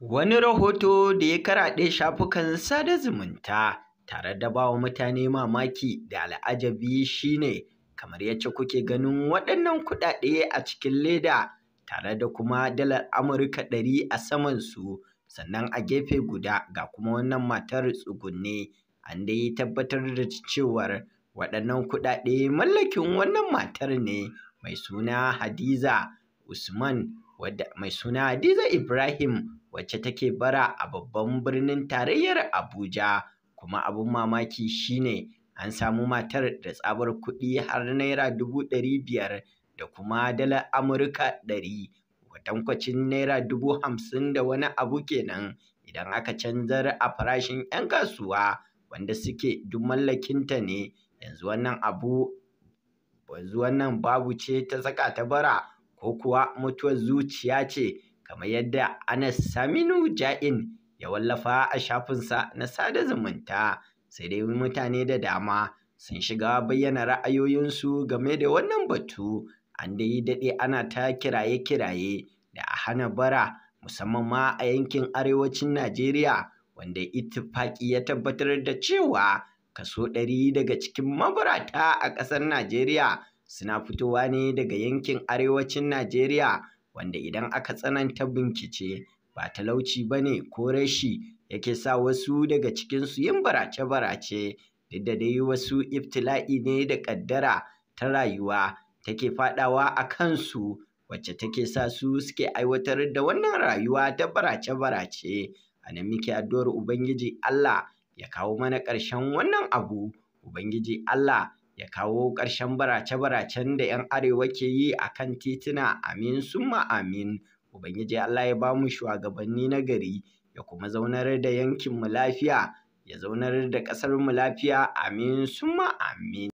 wani rahoto da ya karaɗe shafukan sada zumunta tare da bawa mutane mamaki da al'ajabi shine kamar yacce kuke ganin waɗannan kuɗaɗe a cikin leda tare da kuma dalar Amurka ɗari a saman su sannan a gefe guda ga kuma wannan matar tsugunne an dai tabbatar da cewar waɗannan kuɗaɗe mallakin wannan matar ne mai suna Hadiza Usman wadda mai suna Hadiza Ibrahim wacce take bara a babban birnin tarayyar Abuja kuma abun mamaki shine an samu matar da tsabar kuɗi har naira dubu ɗari biyar da kuma dalar Amurka ɗari watankwacin naira dubu hamsin da wani abu kenan idan aka canzar a farashin 'yan kasuwa wanda suke duk mallakinta ne yanzu wannan abu yanzu wannan babu ce ta saka ta bara ko kuwa mutuwar zuciya ce kamar yadda Anas Saminu Ja'in ya wallafa a shafinsa na sada zumunta sai dai mutane da dama sun shiga bayyana ra'ayoyinsu game da wannan batu an da yi daɗe ana ta kiraye-kiraye da a hana bara musamman ma a yankin arewacin Najeriya wanda itifaki ya tabbatar da cewa kaso ɗari daga cikin mabarata a ƙasar Najeriya suna fitowa ne daga yankin arewacin Najeriya wanda idan aka tsananta bincike ba talauci ba ne ko rashi yake sa wasu daga cikinsu yin barace-barace duk da dai wasu iftila'i ne da ƙaddara ta rayuwa take faɗawa a kansu wacce take sa su suke aiwatar da wannan rayuwa ta barace-barace a nan muke addu'ar Ubangiji Allah ya kawo mana ƙarshen wannan abu Ubangiji Allah ya kawo ƙarshen barace-baracen da 'yan arewa ke yi a kan tituna amin summa amin ubangiji allah ya ba mu shugabanni na gari ya kuma zaunar da yankinmu lafiya ya zaunar da ƙasarmu lafiya amin summa amin